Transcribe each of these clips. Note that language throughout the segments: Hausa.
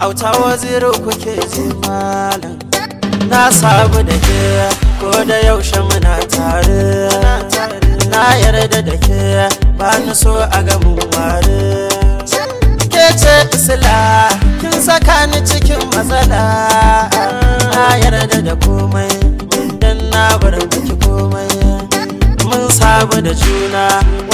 Auta waziri kuke ji Na sabu da ke ko da yaushe muna tare Na yarda da ke ba ni so a gabu ware Ke ce isla kin saka ni cikin matsala Na yarda da komai dan na bar miki komai Mun sabu da juna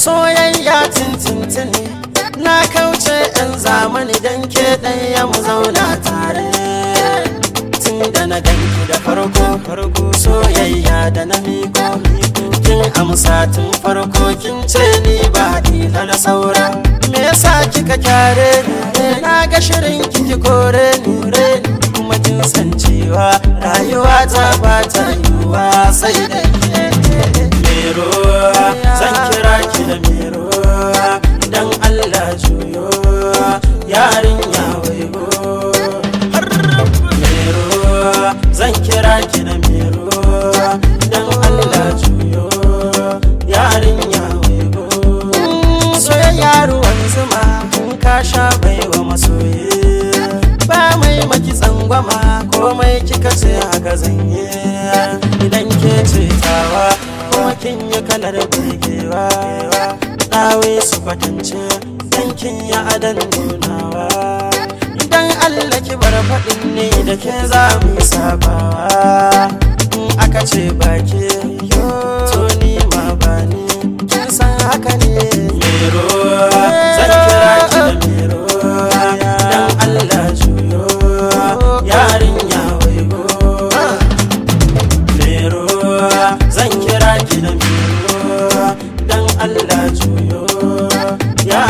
soyayya tuni na kauce yan zamani don ke ɗaya mu zauna tare tun da na ganki da farko farko soyayya da na miko kin amsa tun farko kin ce ni ba ila da saura me yasa kika kyare ni na ga shirin kiki ko ka sha bai wa masoyi ba mai maki tsangwama komai kika ce haka zanye idan ke ce tawa kuma kin yi kalar birgewa dawe su kwatance dan kin yi adan nunawa idan allah ki bar faɗin ne da ke za mu sabawa in aka ce ba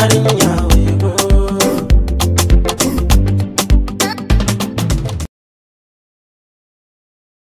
carinho